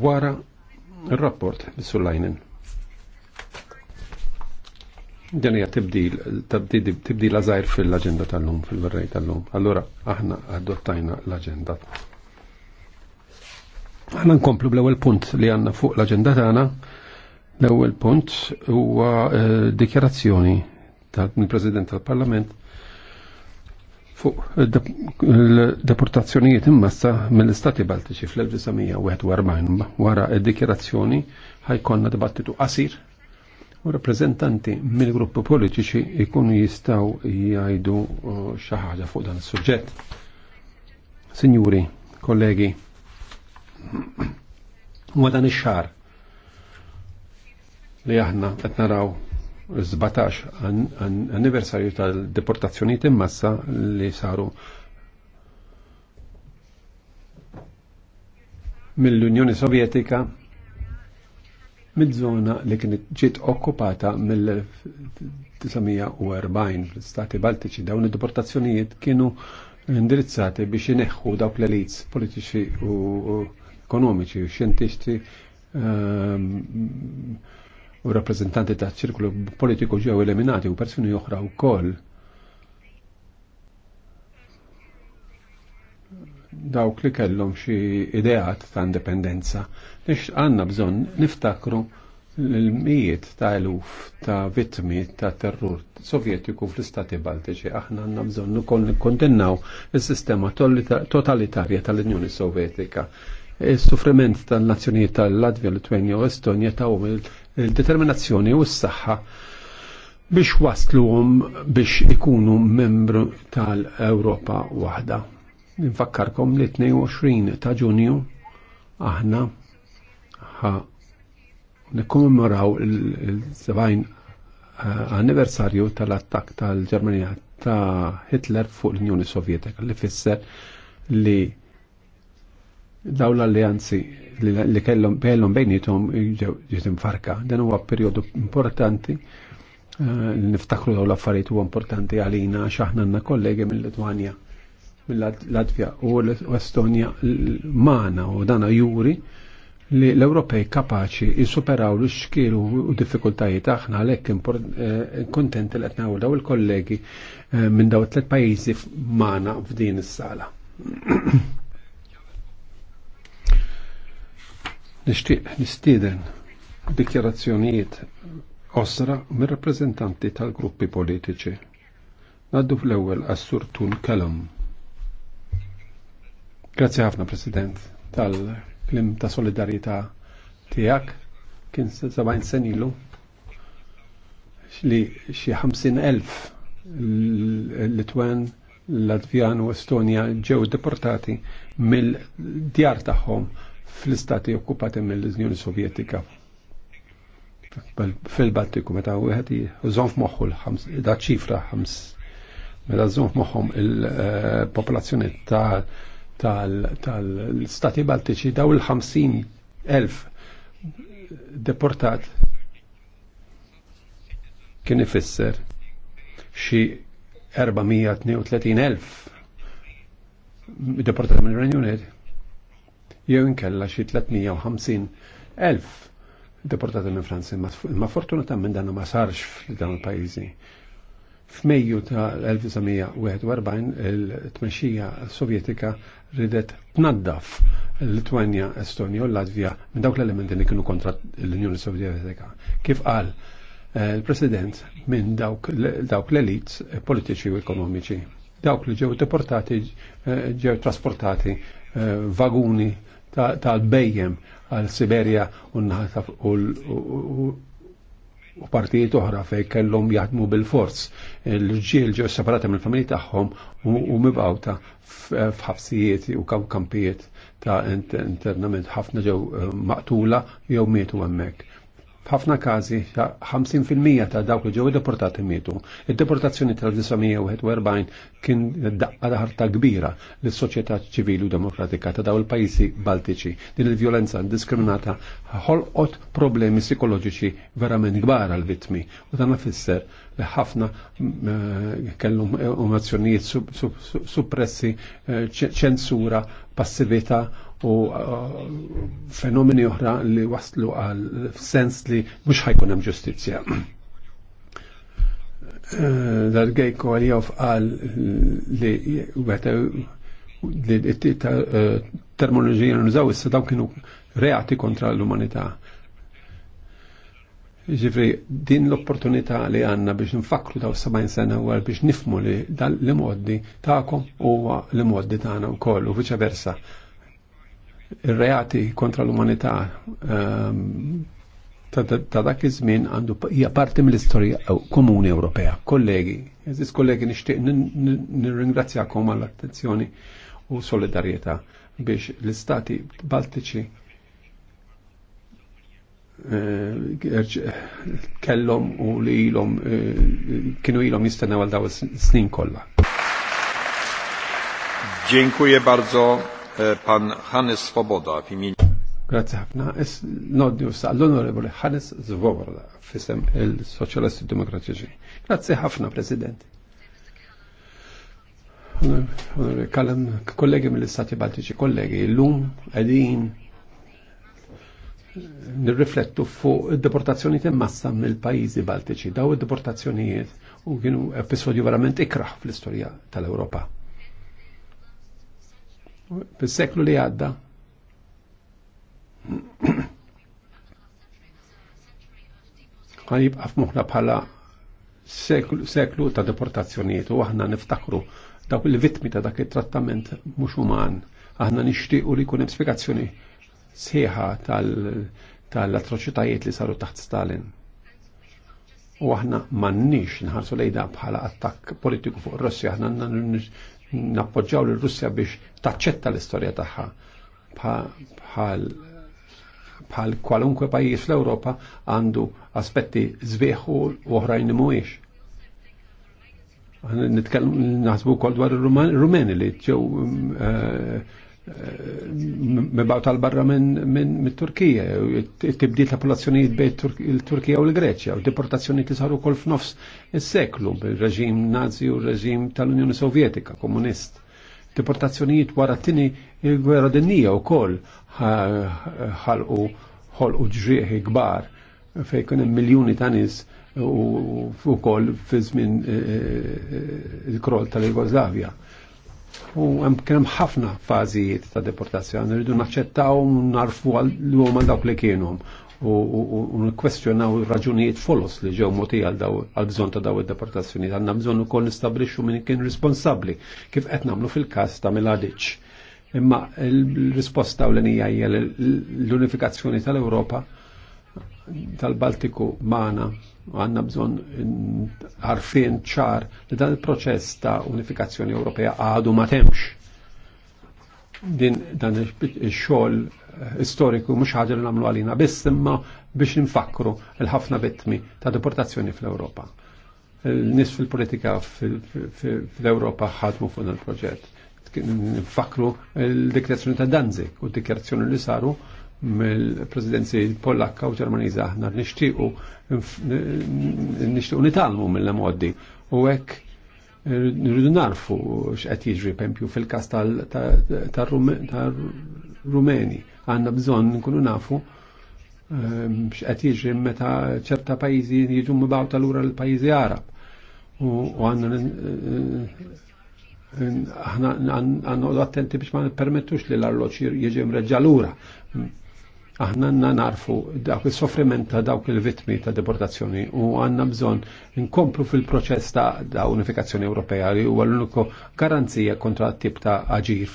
wara il-rapport sullajnin. Dan hija tibdil, tibdil għazajr fil-agenda tal-lum, fil-verrej tal-lum. Allora, aħna adottajna l-agenda. Aħna nkomplu bl-ewwel punt li għandna fuq l-agenda tagħna. L-ewwel punt huwa eh, dikjarazzjoni tal-President tal-Parlament fuq deportazzjonijiet immassa mill-Istati Baltiċi fl-1941 wara id-dikjerazzjoni ħajkonna dibattitu qasir u rappresentanti mill-gruppi politiċi jkunu jistaw jgħidu uh, xi ħaġa fuq dan is-suġġett. Sinjuri, kollegi, u dan ix-xar li aħna qed naraw 17 anniversarju tal-deportazzjoniet massa li saru mill-Unjoni Sovjetika mill-żona li kienet ġiet okkupata mill-1940 fl-Stati Baltiċi dawn id-deportazzjonijiet kienu indirizzati biex ineħħu dawk l elits politiċi u ekonomiċi u xjentisti ehm, u rappresentanti ta' ċirklu politiku ġew eliminati u persuni oħra wkoll. Dawk li kellhom xi ideat ta' indipendenza biex għandna bżonn niftakru l-mijiet ta' eluf ta' vittmi ta' terror sovjetiku fl-istati baltiċi. Aħna għanna bżonn ukoll nikkondennaw il sistema totalitarja tal-Unjoni Sovjetika il-suffriment tal-nazzjonijiet tal-Latvja, Litwenja u Estonja ta' il-determinazzjoni u s-saħħa biex wasluhom biex ikunu membru tal-Ewropa waħda. Nfakkarkom li 22 ta' Ġunju aħna ħa nikkommemoraw il-70 anniversarju tal-attak tal-Ġermanija ta' Hitler fuq l-Unjoni Sovjetika li fisser li daw l allianzi li kellhom bejnietom ġiet farka. Dan huwa perjodu importanti eh, li niftakru daw l-affarijiet huwa importanti għalina għax aħna għandna kollegi mill-Litwanja, mill-Latvja u l-Estonja mana u dana juri li l-Ewropej kapaċi jisuperaw l-xkil u diffikultajiet aħna għalhekk eh, kontenti li qed nagħmlu daw il-kollegi eh, minn daw tliet pajjiżi mana f'din is-sala. Nishtiq nistieden dikjarazzjonijiet osra mir rappresentanti tal-gruppi politiċi. Naddu fl-ewwel Assur Tun Kalam. Grazzi ħafna President tal-klim ta' solidarjetà tiegħek kien 70 sen ilu li xi 50,000 Litwan, Latvjan u Estonja ġew deportati mill-djar tagħhom fl-istati okkupati mill-Unjoni Sovjetika fil-Baltiku meta wieħed zonf f'moħħu da ċifra ħams meta zonf f'moħħhom il-popolazzjoni tal-Stati Baltiċi daw il-50 elf deportat kien ifisser xi 432.000 elf deportat mill-Renju Unit jew inkella xi 350 elf deportati minn Franza, ma fortunatament dan ma sarx f'dan il-pajjiżi. F'Mejju ta' 1941 il-tmexxija Sovjetika ridet tnaddaf l-Litwanja, Estonja u Latvija minn dawk l-elementi li kienu kontra l-Unjoni Sovjetika. Kif qal eh, il-President minn dawk l-elit politiċi u ekonomiċi. Dawk li ġew deportati eh, ġew trasportati eh, vaguni tal-bejjem għal Siberja u u partijiet oħra fej kellhom jaħdmu bil-fors. L-ġiel ġew separati mill-familji tagħhom u mibgħuta f'ħabsijiet u kampijiet ta' internament ħafna ġew eh, maqtula jew mietu hemmhekk. F'ħafna każi 50% ta' dawk li ġew deportati mietu. Id-deportazzjoni tal-1941 kien daqqa ħarta kbira lis soċjetà ċivili u demokratika ta' daw il-pajjiżi Baltiċi. Din il-vjolenza indiskriminata ħolqot problemi psikoloġiċi verament kbar għal vittmi u dan fisser li ħafna eh, kellhom emozzjonijiet eh, suppressi, eh, ċensura, passività u fenomeni oħra li waslu għal sens li mhux ħajkun hemm ġustizzja. Dargej Kovaljov għal li għata li t-tita terminologija issa daw kienu reati kontra l-umanità. Ġifri, din l-opportunità li għanna biex nfakru daw 70 sena u biex nifmu li dal li moddi ta'kom u li moddi ta'na u koll u viċa versa. Il-reati kontra l-umanità ehm, ta' dak iż-żmien għandu hija parti mill-istorja komuni Ewropea. Kollegi, eżis kollegi nixtieq nirringrazzjakom għall-attenzjoni u solidarjetà biex l-istati Baltiċi eh, kellhom u li ilhom eh, kienu ilhom jistennew għal daw snin kollha. Dziękuję bardzo eh, pan Hannes Swoboda w imieniu Grazzi ħafna. Noddi u l-Onorevoli Hannes Zvobra fisem il socialisti Demokratiċi. Grazzi ħafna, President. Kallem kollegi mill-Istati Baltiċi, kollegi, l-lum għedin nirriflettu fuq id-deportazzjoni massa mill-pajizi Baltiċi. Daw id-deportazzjonijiet u kienu episodju verament ikraħ fl-istorja tal-Europa. Fis-seklu li għadda, għan jibqa f'muħna bħala seklu ta' deportazzjonijiet u aħna niftakru dawk il-vittmi ta' dak it-trattament mhux uman. Aħna nixtiequ li jkun hemm spjegazzjoni sħiħa tal-atroċitajiet li saru taħt Stalin. U aħna m'għandniex nħarsu lejda bħala attakk politiku fuq Russja, aħna nappoġġaw lill russja biex taċċetta l-istorja tagħha bħal bħal kwalunkwe pajis fl europa għandu aspetti zbieħu u oħrajn li mhuwiex. Nitkellmu naħsbu wkoll dwar ir-Rumeni li ġew mm, eh, eh, mibaw tal-barra minn Turkija, tibdil ta' popolazzjonijiet bejn il-Turkija u l-Greċja, u deportazzjoni li saru kol f'nofs is-seklu, il-reġim nazi u il-reġim tal-Unjoni Sovjetika, komunist. Deportazzjonijiet wara t-tini il-gwerra dinija u koll ħalqu ħolqu ġrieħi gbar fej kunem miljoni ta' nis u wkoll fi żmien e, e, e, il-krol tal-Jugoslavja. U hemm kien hemm ħafna fażijiet ta' deportazzjoni rridu naċċettaw narfu l huma dawk li kienu u nkwestjonaw raġunijiet folos li ġew moti għal bżonn ta' daw id-deportazzjoni. Għandna bżonn ukoll nistabrixxu min kien responsabbli kif qed nagħmlu fil-każ ta' Miladic. Imma l-risposta u l hija l-unifikazzjoni tal-Ewropa tal-Baltiku magħna għanna bżon għarfien ċar li dan il-proċess ta' unifikazzjoni Ewropea għadu ma temx din dan il-xogħol istoriku mhux ħaġa li nagħmlu għalina biss imma biex nfakru l-ħafna vittmi ta' deportazzjoni fl-Ewropa. Nis fil-politika fl-Ewropa ħadmu fuq dan il-proġett. Nfakru l-dikjerazzjoni ta' Danzig u d li saru mill-presidenzi Pollakka u Ġermaniza aħna nixtiequ nishtiqu nitalmu mill-modi u hekk Nridu narfu x'qed jiġri pempju fil-każ tar rumeni Għandna bżonn nkunu nafu ehm, x'qed jiġri meta ċerta pajjiżi jiġu mibgħu tal-ura l-pajjiżi Arab. U għandna aħna għandu attenti biex ma nippermettux li l arloġ jiġi mreġġa lura. Aħna għanna narfu dawk il-soffriment ta' dawk il-vitmi ta' deportazzjoni u għanna bżon nkomplu fil-proċess ta' da' unifikazzjoni Ewropea li huwa l-uniku garanzija kontra tip ta' aġir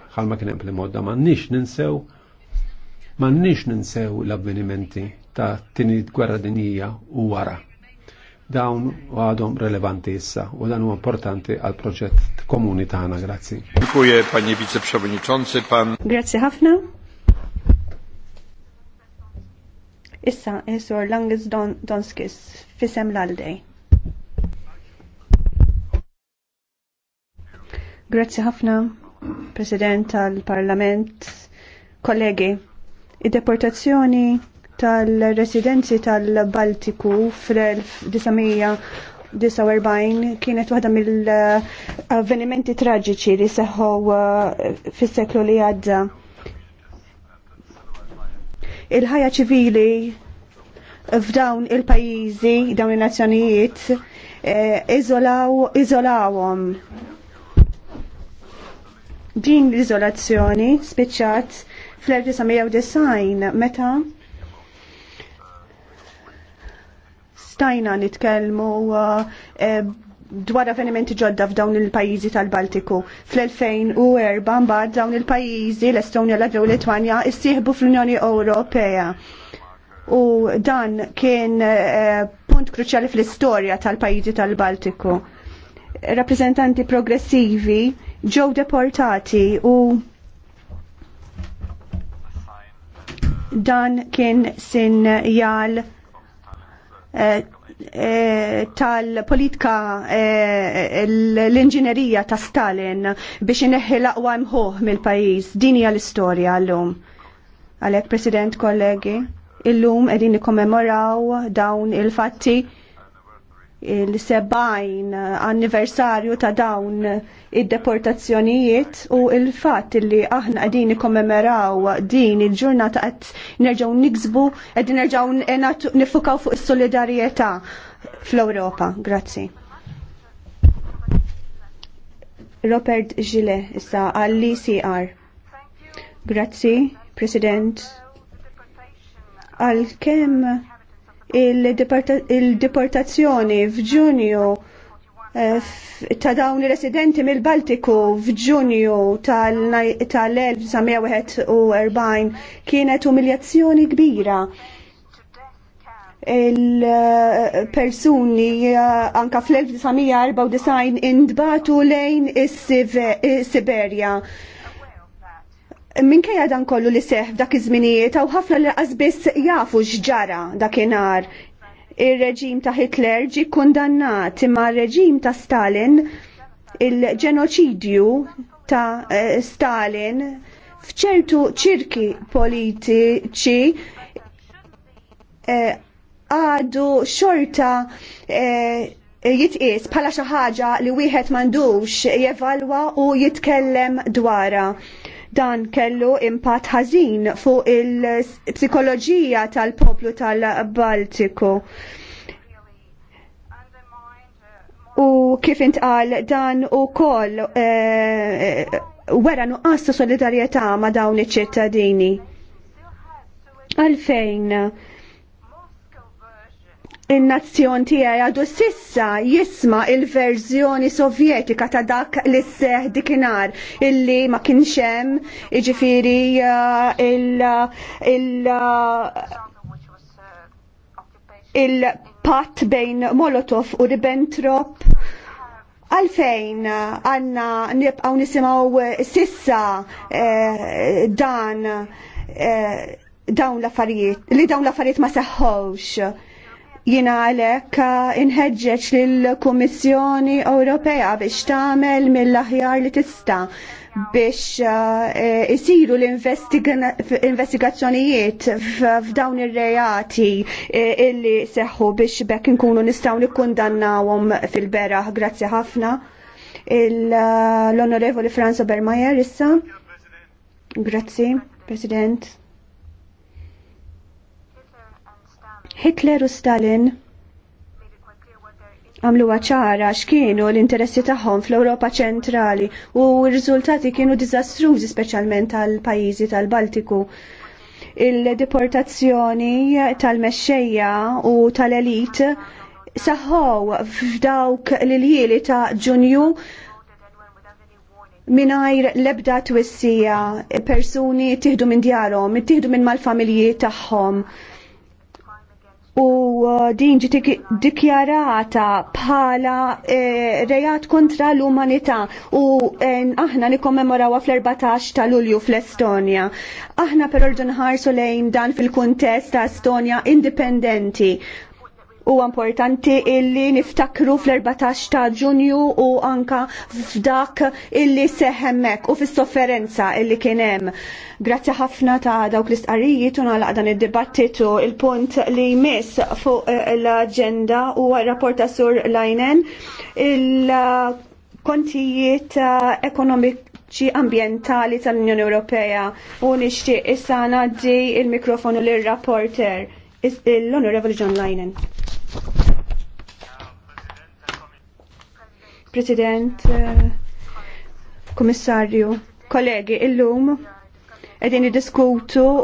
bħalma kien hemm modda ma nix ninsew ma nix ninsew l-avvenimenti ta' tini gwerra dinija u wara dawn għadhom relevanti issa u dan huwa importanti għal proġett komuni tagħna, grazzi. Dziękuję panie wiceprzewodniczący, pan. Grazzi ħafna. Issa, Isur Langis Don Donskis, fisem l-aldej. Grazzi ħafna, President tal-Parlament, kollegi. Id-deportazzjoni tal-residenzi tal-Baltiku fl 1949 kienet waħda mill-avvenimenti traġiċi li seħħu uh, fis-seklu li għadda il-ħajja ċivili f'dawn il-pajjiżi, dawn il nazzjonijiet eh, izolawhom. iżolawhom. Din l-iżolazzjoni spiċċat fl-1990 meta stajna nitkellmu eh, dwar avvenimenti ġodda f'dawn il-pajjiżi tal-Baltiku. Fl-2004 mbagħad dawn il-pajjiżi l-Estonja, l-Latvja u Litwanja issieħbu fl-Unjoni Ewropea. U dan kien eh, punt kruċjali fl-istorja tal-pajjiżi tal-Baltiku. Rappreżentanti progressivi ġew deportati u dan kien sinjal uh, Eh, tal-politika eh, l-inġinerija ta' Stalin biex ineħħi l-aqwa mħuħ mill-pajis. Din hija l-istorja llum. Għalhekk President, kollegi, illum qegħdin nikkommemoraw dawn il-fatti il-70 anniversarju ta' dawn id-deportazzjonijiet u il-fatt li aħna għedin kommemeraw din il-ġurnata għed nerġaw niksbu, għed nerġaw e, nifukaw fuq il-solidarieta fl-Europa. Grazzi. Robert Gile, issa għall-ECR. Grazzi, President. Għal-kem il-deportazzjoni f'Ġunju eh, ta' dawn residenti mill-Baltiku f'Ġunju tal-1941 kienet umiljazzjoni kbira il-persuni eh, anka fl-1994 indbatu lejn is-Siberja. is siberja Minkejja dan kollu li seħ dak iż-żminijiet u ħafna li qasbis jafu x'ġara dakinhar. Ir-reġim ta' Hitler ġi kundannat imma r-reġim ta' Stalin il-ġenoċidju ta' eh, Stalin fċertu ċirki politiċi eh, għadu xorta eh, jitqis bħala xi ħaġa li wieħed m'għandux jevalwa u jitkellem dwarha. Dan kellu impatt ħażin fuq il-psikoloġija tal-poplu tal-Baltiku. U kif intqal dan u koll eh, wera nuqqas ta' solidarjetà ma' dawn iċ-ċittadini. Għalfejn in-nazzjon tiegħi għadu sissa jisma il-verżjoni sovjetika ta' dak li seħ dikinar illi ma kienx hemm jiġifieri il- uh, il- uh, pat bejn Molotov u Ribbentrop għalfejn għanna nibqaw nisimaw sissa eh, dan eh, dawn l-affarijiet li dawn l-affarijiet ma seħħawx Jina għalek uh, inħedġeċ lill-Kummissjoni Ewropea biex tagħmel mill-aħjar li tista biex uh, eh, isiru l-investigazzjonijiet f'dawn ir-reati eh, illi seħħu biex bekk inkunu nistgħu nikkundannawhom fil-beraħ. Grazzi ħafna. Uh, L-Onorevoli Franzo Bermajer issa. Grazzi, President. Hitler u Stalin għamlu ċara x'kienu l-interessi tagħhom fl-Ewropa ċentrali u r-riżultati kienu diżastrużi speċjalment tal-pajjiżi tal-Baltiku. Il-deportazzjoni tal-mexxejja u tal-elit saħħow f'dawk l-iljili ta' Ġunju minajr lebda twissija persuni tieħdu minn djarhom, tieħdu minn mal-familji tagħhom din ġi dikjarata bħala eh, rejat kontra l-umanità u eh, aħna nikkommemorawha fl-14 ta' Lulju fl-Estonja. Aħna però rridu nħarsu lejn dan fil-kuntest ta' Estonja indipendenti u importanti illi niftakru fl-14 ta' ġunju u anka f'dak illi seħemmek u fis-sofferenza illi kienem. Grazzi ħafna ta' dawk l-istqarijiet u nagħlaq dan id-dibattitu il-punt li jmiss fuq eh, l-aġenda u rapport ta' sur Lajnen il-kontijiet eh, ekonomiċi ambientali tal-Unjoni Ewropea u nixtieq issa ngħaddi il-mikrofonu lir-rapporter l-Onorevoli John Linen. President, eh, Komissarju, kollegi, illum edin id-diskutu